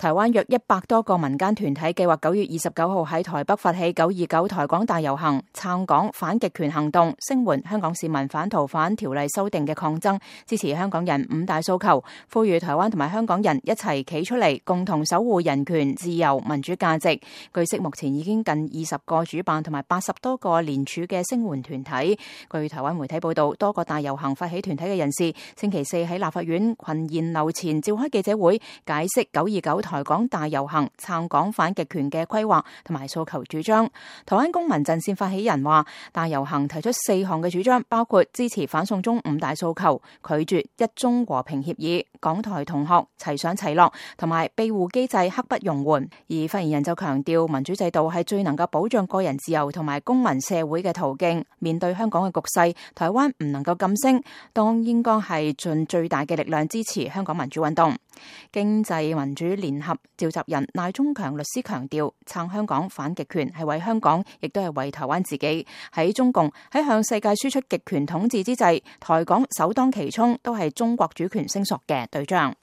台灣約一百多個民間團體計劃九月二十九號喺台北發起九二九台港大遊行，撐港反極權行動，聲援香港市民反逃犯條例修訂嘅抗爭，支持香港人五大訴求，呼籲台灣同埋香港人一齊企出嚟，共同守護人權、自由、民主價值。據悉目前已經近二十個主辦同埋八十多個聯署嘅聲援團體。據台灣媒體報道，多個大遊行發起團體嘅人士星期四喺立法院群賢樓前召開記者會，解釋九二九台港大遊行撐港反極權嘅規劃同埋訴求主張，台灣公民陣線發起人話：大遊行提出四項嘅主張，包括支持反送中五大訴求，拒絕一中和平協議，港台同學齊上齊落，同埋庇護機制刻不容緩。而發言人就強調，民主制度係最能夠保障個人自由同埋公民社會嘅途徑。面對香港嘅局勢，台灣唔能夠噤聲，當應該係盡最大嘅力量支持香港民主運動。經濟民主聯合召集人賴中強律師強調：撐香港反極權係為香港，亦都係為台灣自己。喺中共喺向世界輸出極權統治之際，台港首當其衝，都係中國主權聲索嘅對象。